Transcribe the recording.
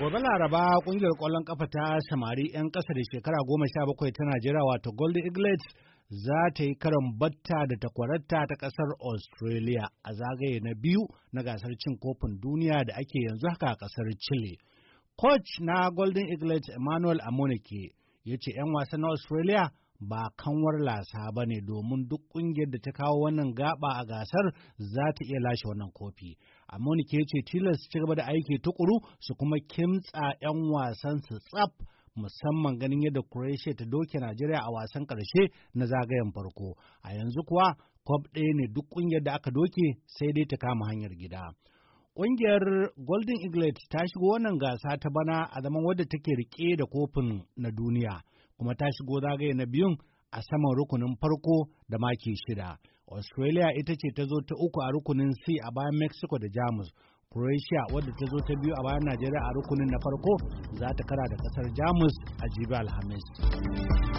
gobe laraba kungiyar kwallon kafa ta samari 'yan ƙasa da shekara goma sha bakwai tana najeriya wato golden eaglets za ta yi karan batta da takwararta ta ƙasar australia a zagaye na biyu na gasar cin kofin duniya da ake yanzu haka a ƙasar chile coach na golden eaglets emmanuel amonike ya ce 'yan wasan na australia ba kanwar lasa ba ne domin duk ƙungiyar da ta kawo wannan gaba a gasar za ta iya lashe wannan kofi. Amoni ke ce tilas ci gaba da aiki tukuru su kuma kimtsa 'yan wasan su tsaf musamman ganin yadda Croatia ta doke Najeriya a wasan ƙarshe na zagayen farko. A yanzu kuwa, kwab ɗaya ne duk ƙungiyar da aka doke sai dai ta kama hanyar gida. Ƙungiyar Golden Eaglet ta shigo wannan gasa ta bana a zaman wadda take rike da kofin na duniya. kuma ta shigo zagaye na biyun a saman rukunin farko da maki shida. Australia ita ce ta zo ta uku a rukunin C a bayan Mexico da Jamus. Croatia wadda ta zo ta biyu a bayan Najeriya a rukunin na farko za ta kara da kasar Jamus a jibi Alhamis.